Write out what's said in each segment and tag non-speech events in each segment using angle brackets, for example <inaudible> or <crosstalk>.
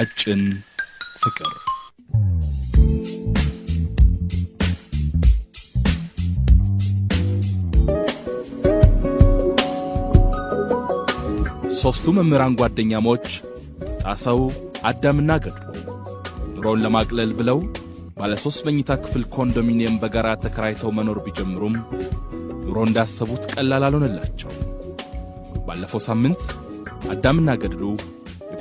ቀጭን ፍቅር ሦስቱ መምህራን ጓደኛሞች ጣሰው አዳምና ገድሉ ኑሮውን ለማቅለል ብለው ባለ ሦስት መኝታ ክፍል ኮንዶሚኒየም በጋራ ተከራይተው መኖር ቢጀምሩም ኑሮ እንዳሰቡት ቀላል አልሆነላቸው። ባለፈው ሳምንት አዳምና ገድሉ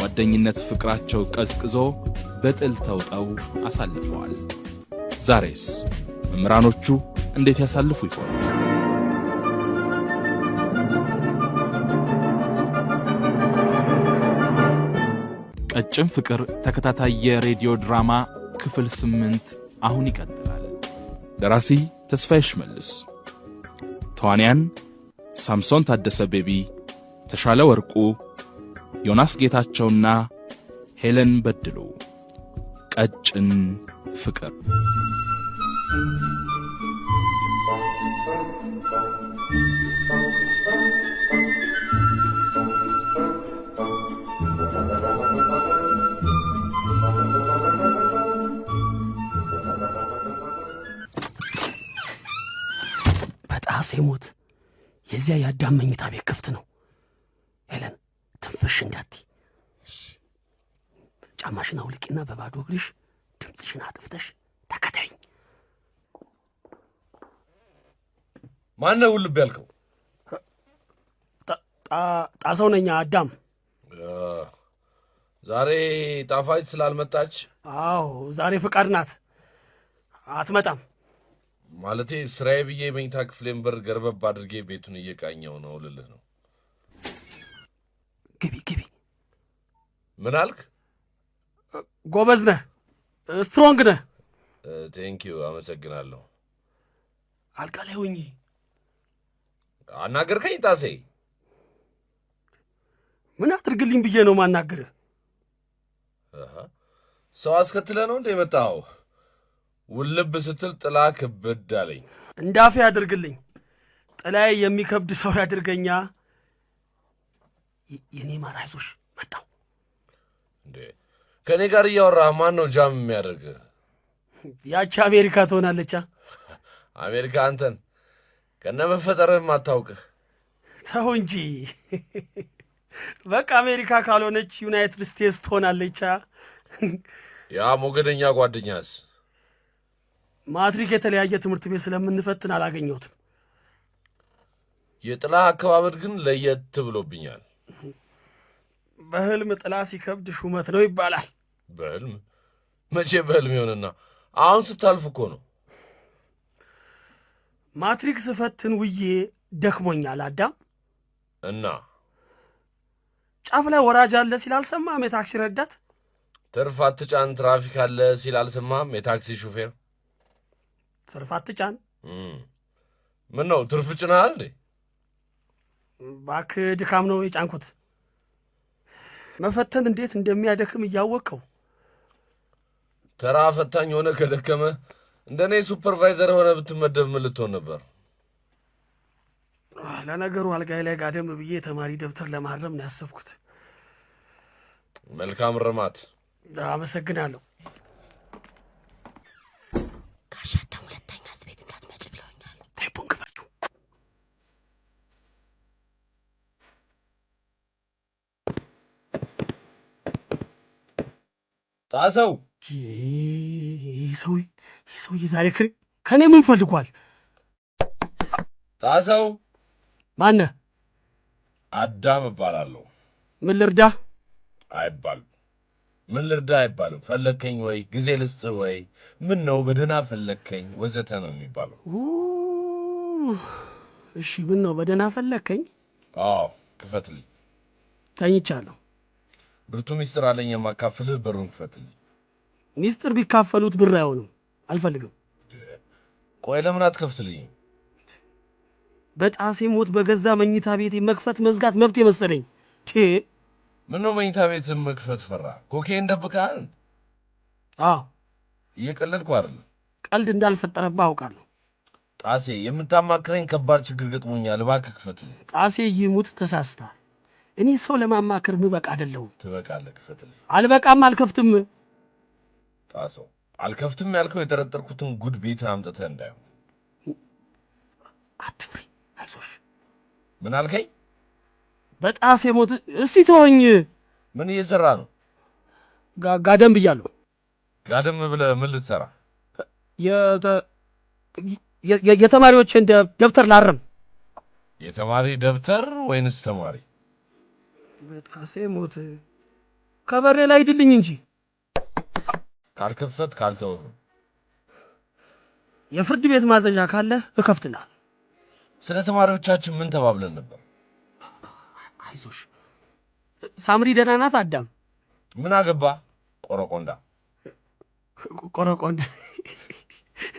ጓደኝነት ፍቅራቸው ቀዝቅዞ በጥል ተውጠው አሳልፈዋል። ዛሬስ መምህራኖቹ እንዴት ያሳልፉ ይሆን? ቀጭን ፍቅር ተከታታይ የሬዲዮ ድራማ ክፍል ስምንት አሁን ይቀጥላል። ደራሲ ተስፋዬ ሽመልስ፣ ተዋንያን ሳምሶን ታደሰ፣ ቤቢ ተሻለ ወርቁ ዮናስ ጌታቸውና ሄለን በድሉ ቀጭን ፍቅር በጣሴ ሞት የዚያ የአዳም መኝታ ቤት ክፍት ነው ሄለን ትንፍሽ እንዳት ጫማሽን አውልቂና በባዶ እግርሽ ድምፅሽን አጥፍተሽ ተከተኝ። ማነው ውልብ ያልከው? ጣሰው ነኝ አዳም። ዛሬ ጣፋጭ ስላልመጣች? አዎ ዛሬ ፍቃድ ናት፣ አትመጣም። ማለቴ ስራዬ ብዬ መኝታ ክፍሌን በር ገርበብ አድርጌ ቤቱን እየቃኘው ነው ልልህ ነው። ግቢ ግቢ። ምን አልክ? ጎበዝ ነህ፣ ስትሮንግ ነህ። ቴንኪዩ፣ አመሰግናለሁ። አልጋ ላይ ሆኜ አናገርከኝ ጣሴ። ምን አድርግልኝ ብዬ ነው ማናገር? ሰው አስከትለ ነው እንደ የመጣኸው? ውልብ ስትል ጥላ ክብድ አለኝ። እንዳፌ አድርግልኝ ጥላዬ የሚከብድ ሰው ያድርገኛ የኔ ማር አይዞሽ እንዴ ከእኔ ጋር እያወራ ማን ነው ጃም የሚያደርግ? ያቺ አሜሪካ ትሆናለቻ። አሜሪካ አንተን ከነ አታውቅህ። ተው እንጂ በቃ አሜሪካ ካልሆነች ዩናይትድ ስቴትስ ትሆናለቻ። ያ ሞገደኛ ጓደኛስ? ማትሪክ የተለያየ ትምህርት ቤት ስለምንፈትን አላገኘሁትም። የጥላ አከባበር ግን ለየት ብሎብኛል። በህልም ጥላ ሲከብድ ሹመት ነው ይባላል። በህልም መቼ በህልም ይሆንና አሁን ስታልፍ እኮ ነው። ማትሪክስ ፈትን ውዬ ደክሞኛል አዳም እና ጫፍ ላይ ወራጅ አለ ሲል አልሰማም የታክሲ ረዳት። ትርፍ አትጫን ትራፊክ አለ ሲል አልሰማም የታክሲ ሹፌር። ትርፍ አትጫን ምን ነው ትርፍ ጭናል እንዴ? እባክህ ድካም ነው የጫንኩት። መፈተን እንዴት እንደሚያደክም እያወቀው ተራ ፈታኝ የሆነ ከደከመ እንደ እኔ ሱፐርቫይዘር የሆነ ብትመደብ ምን ልትሆን ነበር? ለነገሩ አልጋይ ላይ ጋደም ብዬ የተማሪ ደብተር ለማረም ነው ያሰብኩት። መልካም ርማት አመሰግናለሁ። ጋሻ ጣሰው ይህ ሰውዬ ዛሬ ከኔ ምን ፈልጓል? ጣሰው ማነህ? አዳም እባላለሁ። ምን ልርዳ አይባልም። ምን ልርዳ አይባልም። ፈለግከኝ ወይ ጊዜ ልስጥ ወይ ምን ነው በደህና ፈለግከኝ ወዘተ ነው የሚባለው። እሺ ምን ነው በደህና ፈለግከኝ? አዎ ክፈትልኝ። ተኝቻለሁ። ብርቱ ሚስጥር አለኝ የማካፍልህ። በሩን ክፈትልኝ። ሚስጥር ቢካፈሉት ብር አይሆንም፣ አልፈልግም። ቆይ ለምን አትከፍትልኝ? በጣሴ ሞት በገዛ መኝታ ቤቴ መክፈት መዝጋት መብት የመሰለኝ። ምነው መኝታ ቤት መክፈት ፈራ? ኮኬ እንደብቃል። አዎ እየቀለድኩ አይደለም። ቀልድ እንዳልፈጠረብህ አውቃለሁ። ጣሴ የምታማክረኝ ከባድ ችግር ገጥሞኛል፣ እባክህ ክፈትልኝ። ጣሴ ይሙት ተሳስታል። እኔ ሰው ለማማከር ምበቃ አይደለሁም። ትበቃለህ። ክፈትልኝ። አልበቃም፣ አልከፍትም። ጣሰው አልከፍትም ያልከው የጠረጠርኩትን ጉድ ቤት አምጥተህ እንዳይሆን። አትፍሪ፣ አይዞሽ። ምን አልከኝ? በጣሴ ሞት። እስቲ ተወኝ። ምን እየሰራ ነው? ጋደም ብያለሁ። ጋደም ብለህ ምን ልትሰራ? የተማሪዎችን ደብተር ላርም። የተማሪ ደብተር ወይንስ ተማሪ? በጣሴ ሞት ከበሬ ላይ ሂድልኝ እንጂ ካልከፈት ካልተው የፍርድ ቤት ማዘዣ ካለ እከፍትላል ስለ ተማሪዎቻችን ምን ተባብለን ነበር? አይዞሽ ሳምሪ ደህና ናት። አዳም ምን አገባ? ቆረቆንዳ ቆረቆንዳ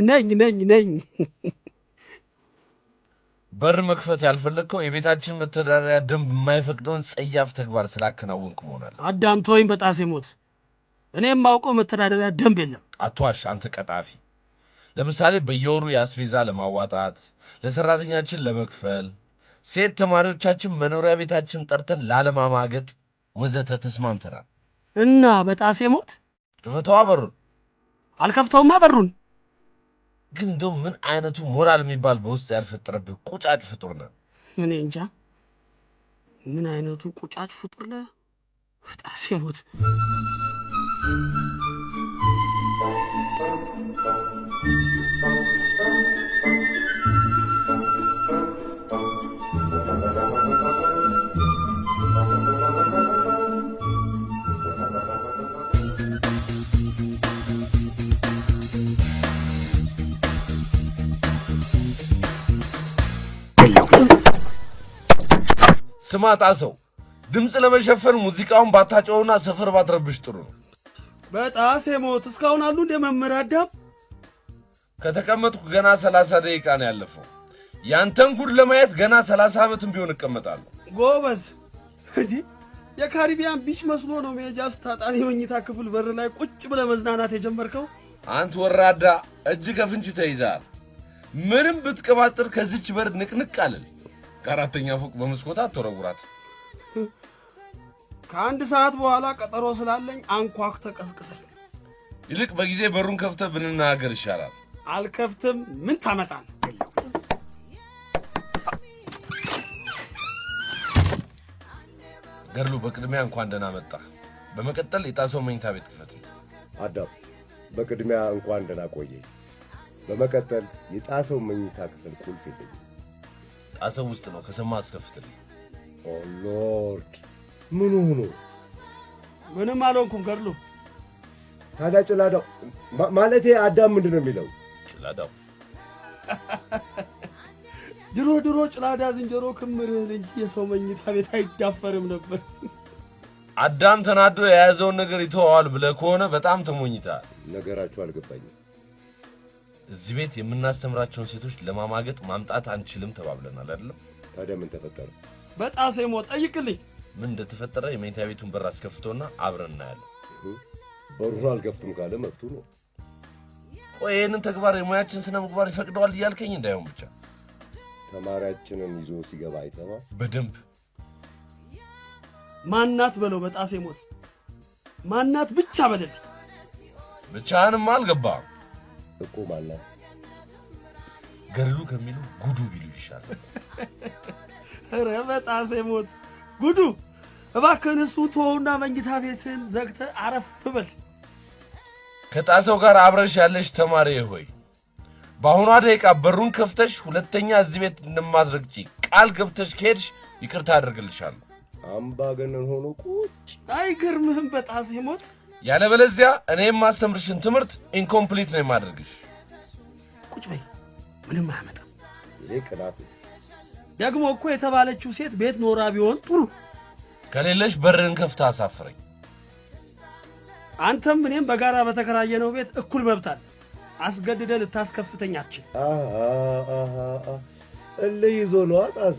ነኝ ነኝ ነኝ በር መክፈት ያልፈለግከው የቤታችን መተዳደሪያ ደንብ የማይፈቅደውን ጸያፍ ተግባር ስላከናወንክ መሆናል። ወይም በጣሴ ሞት እኔ የማውቀው መተዳደሪያ ደንብ የለም። አቷሽ አንተ ቀጣፊ። ለምሳሌ በየወሩ የአስቤዛ ለማዋጣት ለሰራተኛችን ለመክፈል፣ ሴት ተማሪዎቻችን መኖሪያ ቤታችን ጠርተን ላለማማገጥ ወዘተ ተስማምተናል። እና በጣሴ ሞት ክፈተዋ በሩን። አልከፍተውማ በሩን ግን እንደው ምን አይነቱ ሞራል የሚባል በውስጥ ያልፈጠረብህ ቁጫጭ ፍጡር ነህ። እኔ እንጃ ምን አይነቱ ቁጫጭ ፍጡር ነህ። ጣሴ ሞት ስማጣ ሰው ድምፅ ለመሸፈን ሙዚቃውን ባታጨውና ሰፈር ባትረብሽ ጥሩ ነው። በጣም ሞት እስካሁን አሉ እንደ መምህር አዳም ከተቀመጥኩ ገና ሰላሳ ደቂቃ ነው ያለፈው። ያንተን ጉድ ለማየት ገና ሰላሳ ዓመትም ቢሆን እቀመጣለሁ። ጎበዝ እንዲህ የካሪቢያን ቢች መስሎ ነው መሄጃ ስታጣን የመኝታ ክፍል በር ላይ ቁጭ ብለ መዝናናት የጀመርከው። አንት ወራዳ እጅ ከፍንጅ ተይዛል። ምንም ብትቀባጥር ከዚች በር ንቅንቅ አልል ከአራተኛ ፎቅ በመስኮት አትወረውራት። ከአንድ ሰዓት በኋላ ቀጠሮ ስላለኝ አንኳኩ ተቀስቅሰኝ። ይልቅ በጊዜ በሩን ከፍተህ ብንናገር ይሻላል። አልከፍትም። ምን ታመጣል? ገድሉ፣ በቅድሚያ እንኳን ደህና መጣ። በመቀጠል የጣሰው መኝታ ቤት ክፍለት አዳም፣ በቅድሚያ እንኳን ደህና ቆየ። በመቀጠል የጣሰው መኝታ ክፍል ቁልፍ የለኝም። አሰብ ውስጥ ነው። ከሰማ አስከፍትል። ኦ ሎርድ ምኑ ሆኖ? ምንም አልሆንኩም። ገድሎ ታዲያ ጭላዳው ማለቴ አዳም ምንድን ነው የሚለው? ጭላዳው <laughs> ድሮ ድሮ ጭላዳ ዝንጀሮ ክምርህን እንጂ የሰው መኝታ ቤት አይዳፈርም ነበር። አዳም ተናዶ የያዘውን ነገር ይተዋዋል ብለህ ከሆነ በጣም ተሞኝታል። ነገራችሁ አልገባኝም። እዚህ ቤት የምናስተምራቸውን ሴቶች ለማማገጥ ማምጣት አንችልም ተባብለናል አይደለም? ታዲያ ምን ተፈጠረ? በጣሴ ሞት ጠይቅልኝ። ምን እንደተፈጠረ የመኝታ ቤቱን በር አስከፍቶና አብረን እናያለን። በሩን አልከፍትም ካለ መብቱ ነው። ቆይ ይህንን ተግባር የሙያችን ስነ ምግባር ይፈቅደዋል እያልከኝ እንዳይሆን ብቻ ተማሪያችንን ይዞ ሲገባ አይተባ በደንብ ማናት በለው። በጣሴ ሞት ማናት ብቻ በለል ብቻህንም አልገባም እቁ ማለት ገድሉ ከሚሉ ጉዱ ቢሉ <laughs> ሞት ጉዱ እባክህን እሱ ተወውና መኝታ ቤትህን ዘግተህ አረፍ በል። ከጣሰው ጋር አብረሽ ያለሽ ተማሪ ሆይ በአሁኗ ደቂቃ በሩን ከፍተሽ ሁለተኛ እዚህ ቤት እንደማድረግ ቃል ገብተሽ ከሄድሽ ይቅርታ አደርግልሻለሁ። አምባገነን ሆኖ ቁጭ አይገርምህም? በጣሴ ሞት ያለበለዚያ እኔ የማስተምርሽን ትምህርት ኢንኮምፕሊት ነው የማደርግሽ። ቁጭ በይ፣ ምንም አያመጣም። ደግሞ እኮ የተባለችው ሴት ቤት ኖራ ቢሆን ጥሩ። ከሌለሽ በርን ከፍታ አሳፍረኝ። አንተም እኔም በጋራ በተከራየነው ቤት እኩል መብታል አስገድደ ልታስከፍተኝ አትችል። እልህ ይዞ ነዋ። ጣሴ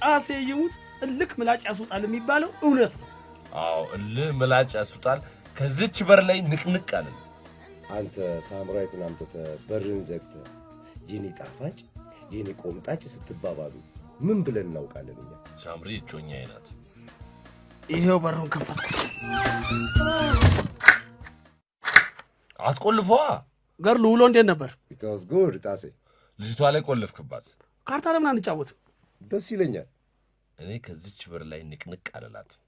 ጣሴ ይሙት እልክ ምላጭ ያስውጣል የሚባለው እውነት ነው። አዎ እልህ ምላጭ ያስወጣል። ከዚች በር ላይ ንቅንቅ አለ። አንተ ሳምራዊትን አምጥተህ በርን ዘግተ የኔ ጣፋጭ የኔ ቆምጣጭ ስትባባሉ ምን ብለን እናውቃለን? እኛ ሳምሪ እጮኛ ናት። ይሄው በሩን ከፈትኩት። አትቆልፏ። ገርሉ ውሎ እንዴት ነበር? ኢትስ ጉድ ጣሴ። ልጅቷ ላይ ቆልፍክባት ካርታ ለምን አንጫወትም? ደስ ይለኛል። እኔ ከዚች በር ላይ ንቅንቅ አልላትም።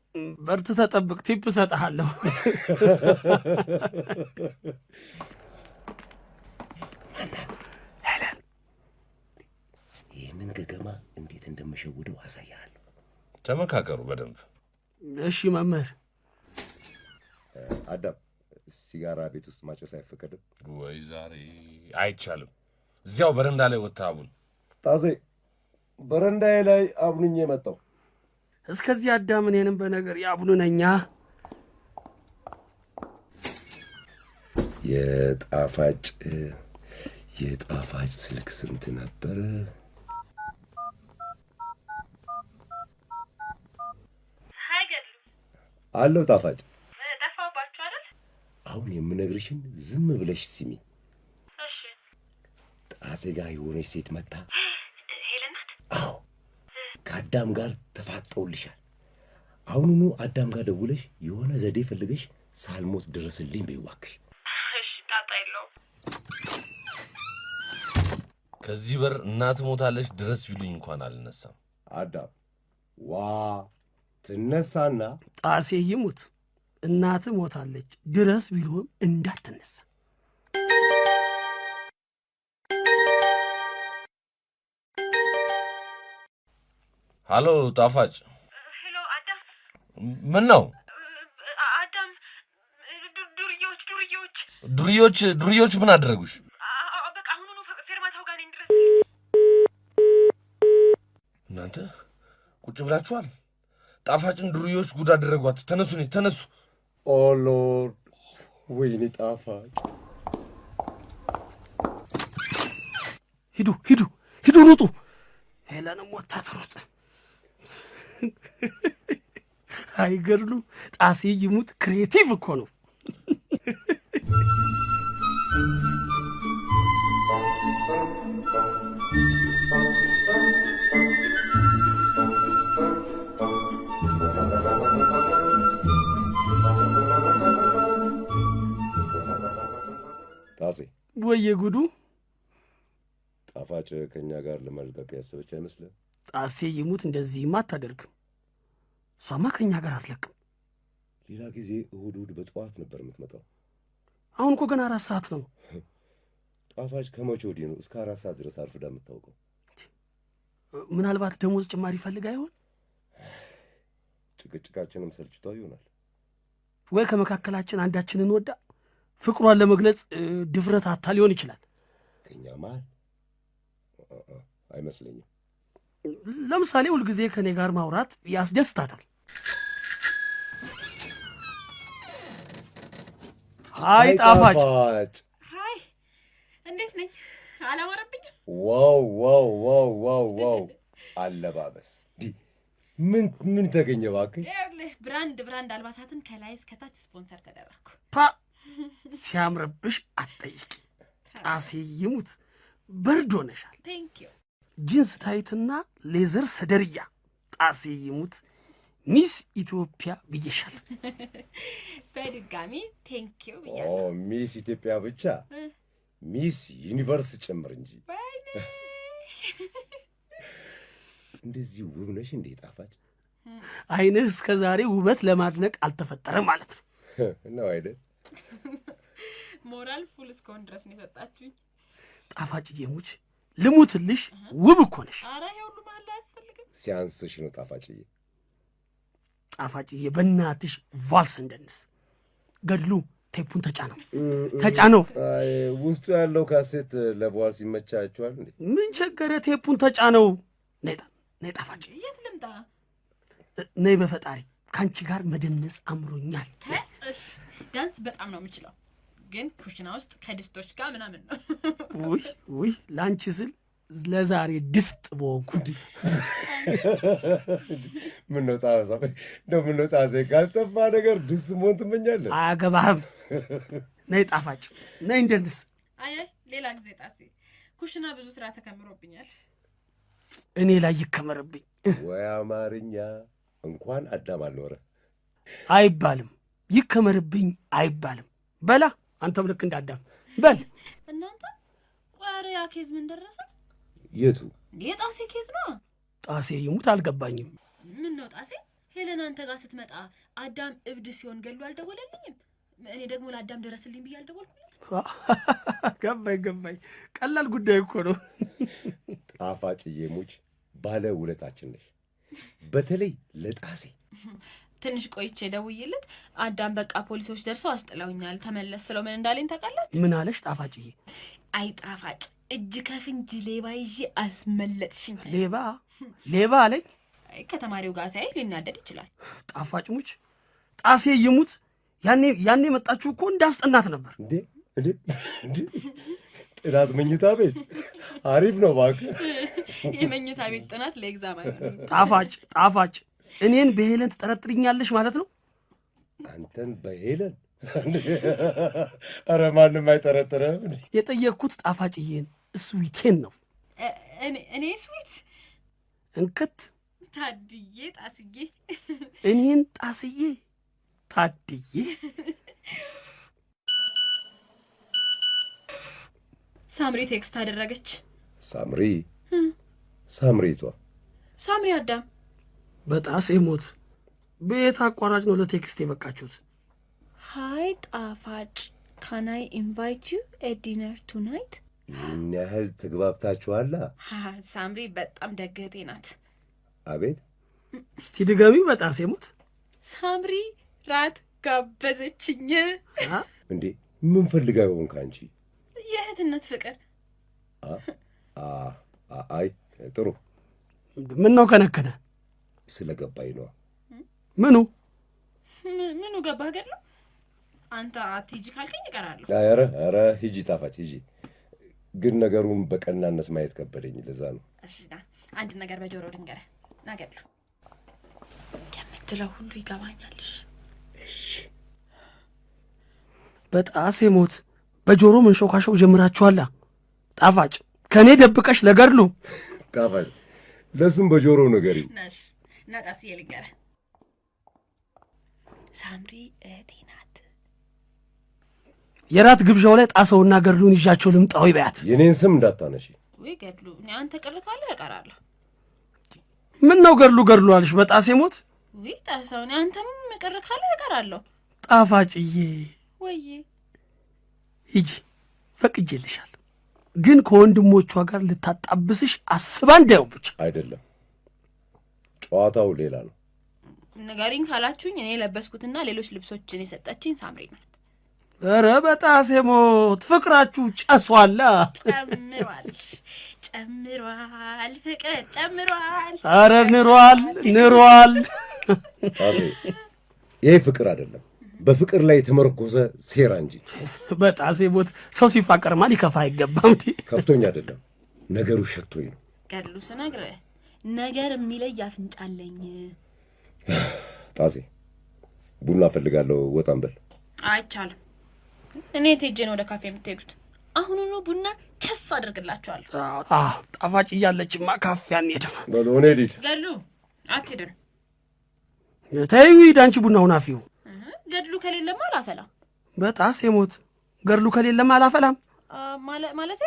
በርት ተጠብቅ፣ ቲፕ እሰጥሃለሁ። ሄለን፣ ይህንን ገገማ እንዴት እንደምሸውደው አሳያለሁ። ተመካከሩ በደንብ እሺ። መምህር አዳም፣ ሲጋራ ቤት ውስጥ ማጨስ አይፈቀድም ወይ? ዛሬ አይቻልም። እዚያው በረንዳ ላይ ወታ አቡን ጣሴ፣ በረንዳዬ ላይ አቡንኜ መጣው እስከዚህ አዳም እኔንም በነገር ያቡንነኛ የጣፋጭ የጣፋጭ ስልክ ስንት ነበር አለው ጣፋጭ ጠፋባችሁ አይደል? አሁን የምነግርሽን ዝም ብለሽ ስሚ። ጣሴ ጋር የሆነች ሴት መታ ሄለናት። አዎ ከአዳም ጋር ተፋጠውልሻል። አሁኑኑ አዳም ጋር ደውለሽ የሆነ ዘዴ ፈልገሽ ሳልሞት ድረስልኝ በይዋክሽ። ከዚህ በር እናት ሞታለች ድረስ ቢሉኝ እንኳን አልነሳም። አዳም ዋ ትነሳና ጣሴ ይሙት እናት ሞታለች ድረስ ቢሉም እንዳትነሳ ሀሎ ጣፋጭ። ሄሎ አዳም። ምን ነው አዳም? ዱርዬዎች ዱርዬዎች ዱርዬዎች ዱርዬዎች ምን አደረጉሽ? በቃ አሁኑኑ ፌርማታው ጋር ድረስ። እናንተ ቁጭ ብላችኋል። ጣፋጭን ዱርዬዎች ጉድ አደረጓት። ተነሱ፣ እኔ ተነሱ። ኦ ሎርድ፣ ወይኔ ጣፋጭ። ሂዱ ሂዱ ሂዱ፣ ሩጡ። ሄለንም ወታት ሩጥ <laughs> አይገድሉም። ጣሴ ይሙት ክሬቲቭ እኮ ነው። ጣሴ ወየ ጉዱ ጣፋጭ ከእኛ ጋር ለመልቀቅ ያሰበች አይመስልም። ጣሴ ይሙት እንደዚህም አታደርግም። እሷማ ከእኛ ጋር አትለቅም። ሌላ ጊዜ እሁድ እሁድ በጠዋት ነበር የምትመጣው። አሁን እኮ ገና አራት ሰዓት ነው። ጣፋጭ ከመቼ ወዲህ ነው እስከ አራት ሰዓት ድረስ አርፍዳ የምታውቀው? ምናልባት ደሞዝ ጭማሪ ይፈልግ አይሆን? ጭቅጭቃችንም ሰልችቷ ይሆናል ወይ ከመካከላችን አንዳችንን ወዳ ፍቅሯን ለመግለጽ ድፍረት አታ ሊሆን ይችላል። ከኛ መሃል አይመስለኝም። ለምሳሌ ሁልጊዜ ከእኔ ጋር ማውራት ያስደስታታል። ሀይ ጣፋጭ ሀይ እንዴት ነኝ? አላማረብኝም? ዋው ዋው ዋው ዋው አለባበስ ምን ምን ተገኘ እባክህ? ብራንድ ብራንድ አልባሳትን ከላይ እስከታች ስፖንሰር ተደረግኩ። ፓ ሲያምርብሽ አትጠይቂ። ጣሴ ይሙት በርድ ሆነሻል። ቴንኪው ጂንስ ታይትና ሌዘር ሰደርያ ጣሴ ይሙት ሚስ ኢትዮጵያ ብዬሻል። <laughs> በድጋሚ ቴንኪው ብያለሁ። ሚስ ኢትዮጵያ ብቻ ሚስ ዩኒቨርስ ጭምር እንጂ <laughs> እንደዚህ ውብ ነሽ እንዴ! ጣፋጭ አይንህ እስከ ዛሬ ውበት ለማድነቅ አልተፈጠረም ማለት ነው <laughs> ነው አይደል? ሞራል ፉል እስከሆን ድረስ ነው የሰጣችሁኝ። ጣፋጭ የሙች ልሙትልሽ፣ ውብ እኮ ነሽ። ሲያንስሽ ነው ጣፋጭዬ፣ ጣፋጭዬ፣ በእናትሽ ቫልስ እንደንስ። ገድሉ ቴፑን ተጫነው፣ ተጫነው። ውስጡ ያለው ካሴት ለቫልስ ይመቻችኋል እንዴ? ምን ቸገረ? ቴፑን ተጫነው። ነይ፣ ነይ ጣፋጭ፣ ነይ። በፈጣሪ ከአንቺ ጋር መደነስ አምሮኛል። ዳንስ በጣም ነው የምችለው። ግን ኩሽና ውስጥ ከድስቶች ጋር ምናምን ነው። ውይ ውይ ላንቺ ስል ለዛሬ ድስት በወንኩ ምንወጣ ዜ ካልጠፋ ነገር ድስት መሆን ትመኛለህ። አያገባህም። ነይ ጣፋጭ ነይ እንደንስ። አይ ሌላ ጊዜ ጣሴ፣ ኩሽና ብዙ ስራ ተከምሮብኛል። እኔ ላይ ይከመርብኝ ወይ አማርኛ እንኳን አዳም አልኖረ አይባልም። ይከመርብኝ አይባልም። በላ አንተም ልክ እንዳዳም በል። እናንተ ቆያረ ያ ኬዝ ምን ደረሰ? የቱ የጣሴ ኬዝ ነው? ጣሴ ይሙት አልገባኝም። ምን ነው ጣሴ? ሄለን አንተ ጋር ስትመጣ አዳም እብድ ሲሆን ገሉ አልደወለልኝም። እኔ ደግሞ ለአዳም ደረስልኝ ብዬ አልደወልኩለት። <laughs> ገባኝ ገባኝ። ቀላል ጉዳይ እኮ ነው። ጣፋጭ የሙች ባለ ውለታችን ነሽ። በተለይ ለጣሴ ትንሽ ቆይቼ ደውዬለት አዳም በቃ ፖሊሶች ደርሰው አስጥለውኛል ተመለስ ስለው ምን እንዳለኝ ታውቃላችሁ? ምን አለሽ? ጣፋጭዬ አይ ጣፋጭ እጅ ከፍንጅ ሌባ ይዤ አስመለጥሽኝ። ሌባ ሌባ አለኝ። ከተማሪው ጋር ሳይ ሊናደድ ይችላል። ጣፋጭ ሙች ጣሴ ይሙት። ያኔ ያኔ መጣችሁ እኮ እንዳስጠናት ነበር። ጥናት መኝታ ቤት አሪፍ ነው ባክ የመኝታ ቤት ጥናት ለኤግዛም ጣፋጭ ጣፋጭ። እኔን በሄለን ትጠረጥርኛለሽ ማለት ነው? አንተን በሄለን? አረ ማንም አይጠረጥረም። የጠየቅኩት ጣፋጭዬን ስዊቴን ነው። እኔ ስዊት እንክት ታድዬ ጣስዬ፣ እኔን ጣስዬ ታድዬ ሳምሪ ቴክስት አደረገች። ሳምሪ ሳምሪቷ ሳምሪ አዳም በጣሴ ሞት ቤት አቋራጭ ነው ለቴክስት የበቃችሁት? ሀይ ጣፋጭ ካናይ ኢንቫይት ዩ ኤዲነር ቱናይት ይህን ያህል ትግባብታችኋላ። ሳምሪ በጣም ደግህቴ ናት። አቤት እስቲ ድገሚ። በጣሴ ሞት ሳምሪ ራት ጋበዘችኝ። እንዴ ምን ፈልጋ ይሆን ከአንቺ? የእህትነት ፍቅር። አይ ጥሩ። ምን ነው ከነከነ? ስለ ስለገባኝ ነዋ። ምኑ ምኑ ገባህ? ገድለው አንተ አትሂጂ ካልከኝ እቀራለሁ። ኧረ ኧረ ሂጂ ጣፋጭ ሂጂ። ግን ነገሩን በቀናነት ማየት ከበደኝ፣ ለዛ ነው። እሺ አንድ ነገር በጆሮ ልንገርህ። ናገድሉ እንደምትለው ሁሉ ይገባኛልሽ። እሺ በጣሴ ሞት በጆሮ መንሾካሾክ ጀምራችኋላ። ጣፋጭ ከእኔ ደብቀሽ ለገድሉ ጣፋጭ ለሱም በጆሮ ነገር ናጣስ የልገረ ሳምሪ እህቴ የራት ግብዣው ላይ ጣሰውና ገድሉን ይዣቸው ልምጣው ይበያት። የኔን ስም እንዳታነሺ ወይ ገድሉ። እኔ አንተ ቅር ካለ እቀራለሁ። ምን ነው ገድሉ ገድሉ አልሽ? በጣሴ ሞት ወይ ጣሰው። እኔ አንተም ቅር ካለ እቀራለሁ። ጣፋጭዬ ወይ ሂጂ ፈቅጄልሻል፣ ግን ከወንድሞቿ ጋር ልታጣብስሽ አስባ እንዳይሆን ብቻ አይደለም። ጨዋታው ሌላ ነው። ንገሪኝ ካላችሁኝ እኔ የለበስኩትና ሌሎች ልብሶችን የሰጠችኝ ሳምሪ ናት። ኧረ በጣሴ ሞት ፍቅራችሁ ጨሷላ። ጨምሯል ጨምሯል ፍቅር ጨምሯል። ኧረ ንሯል ንሯል። ይሄ ፍቅር አይደለም። በፍቅር ላይ የተመረኮዘ ሴራ እንጂ። በጣሴ ቦት ሰው ሲፋቀርማ ሊከፋ አይገባም። እንዲ ከፍቶኝ አይደለም ነገሩ ሸቶኝ ነው። ገድሉ ስነግርህ ነገር የሚለይ አፍንጫለኝ። ጣሴ ቡና ፈልጋለሁ። ወጣም በል። አይቻልም። እኔ ቴጄ ነው ወደ ካፌ የምትሄዱት? አሁኑኑ ቡና ቸስ አድርግላቸዋለሁ። ጣፋጭ እያለችማ ካፌ አንሄድም። በሉ እኔ ዲድ ገድሉ አትሄድም። ተይው ሂድ አንቺ ቡናውን አፊው ገድሉ ከሌለማ አላፈላም። በጣስ የሞት ገድሉ ከሌለማ አላፈላም ማለት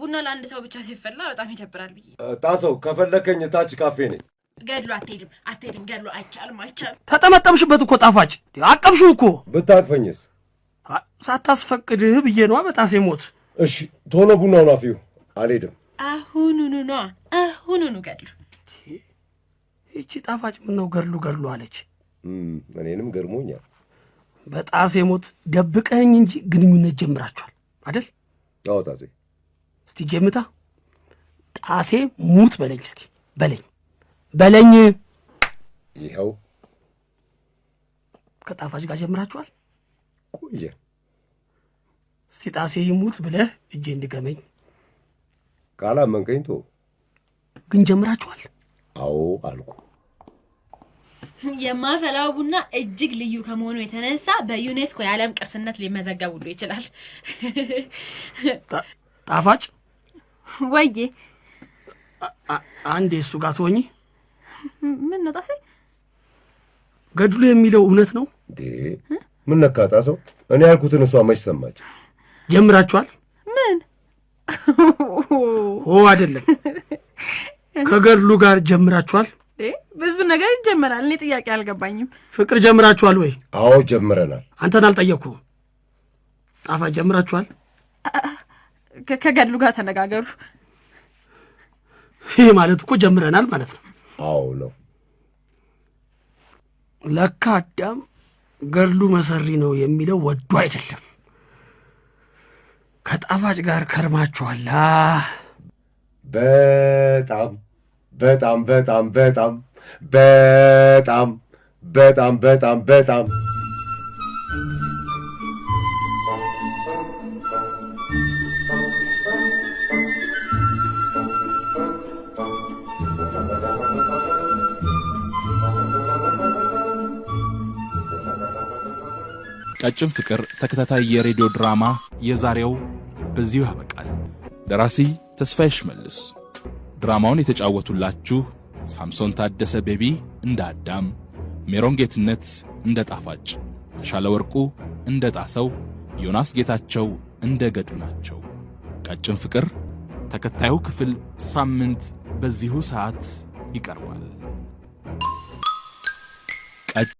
ቡና ለአንድ ሰው ብቻ ሲፈላ በጣም ይደብራል ብዬ ጣሰው፣ ከፈለከኝ ታች ካፌ ነኝ። ገድሉ አትሄድም፣ አትሄድም። ገድሉ አይቻልም፣ አይቻልም። ተጠመጠምሽበት እኮ ጣፋጭ፣ አቀብሽው እኮ ብታቅፈኝስ? ሳታስፈቅድህ ብዬ ነዋ። በጣሴ ሞት። እሺ፣ ቶሎ ቡናውን አፍዩ። አልሄድም። አሁኑኑ ነዋ፣ አሁኑኑ ገድሉ። ይቺ ጣፋጭ ምነው ገድሉ ገድሉ አለች? እኔንም ገርሞኛል። በጣሴ ሞት ደብቀኝ እንጂ ግንኙነት ጀምራችኋል አደል? አዎ ጣሴ። እስቲ ጀምታ ጣሴ ሙት በለኝ እስቲ በለኝ በለኝ። ይኸው ከጣፋጭ ጋር ጀምራችኋል። ቆየ እስቲ ጣሴ ይሙት ብለህ እጄ እንድገመኝ ካላመንከኝ ቶ ግን ጀምራችኋል። አዎ አልኩ። የማፈላው ቡና እጅግ ልዩ ከመሆኑ የተነሳ በዩኔስኮ የዓለም ቅርስነት ሊመዘገብ ሁሉ ይችላል። ጣፋጭ ወዬ፣ አንዴ እሱ ጋር ትሆኚ። ምን ነው ጣሴ፣ ገድሉ የሚለው እውነት ነው? ምን ነካ ጣሰው? እኔ ያልኩትን እሷ መች ሰማች? ጀምራችኋል? ምን ሆ አይደለም፣ ከገድሉ ጋር ጀምራችኋል? ፍቅር ነገር ይጀመራል? እኔ ጥያቄ አልገባኝም። ፍቅር ጀምራችኋል ወይ? አዎ ጀምረናል። አንተን አልጠየቅኩ። ጣፋጭ ጀምራችኋል? ከገድሉ ጋር ተነጋገሩ። ይህ ማለት እኮ ጀምረናል ማለት ነው። አዎ ነው። ለካ አዳም ገድሉ መሰሪ ነው የሚለው ወዱ አይደለም። ከጣፋጭ ጋር ከርማችኋላ። በጣም በጣም በጣም በጣም በጣም በጣም በጣም በጣም ቀጭን ፍቅር ተከታታይ የሬዲዮ ድራማ የዛሬው በዚሁ ያበቃል። ደራሲ ተስፋዬ ሽመልስ፣ ድራማውን የተጫወቱላችሁ ሳምሶን ታደሰ ቤቢ እንደ አዳም፣ ሜሮን ጌትነት እንደ ጣፋጭ፣ ተሻለ ወርቁ እንደ ጣሰው፣ ዮናስ ጌታቸው እንደ ገዱ ናቸው። ቀጭን ፍቅር ተከታዩ ክፍል ሳምንት በዚሁ ሰዓት ይቀርባል።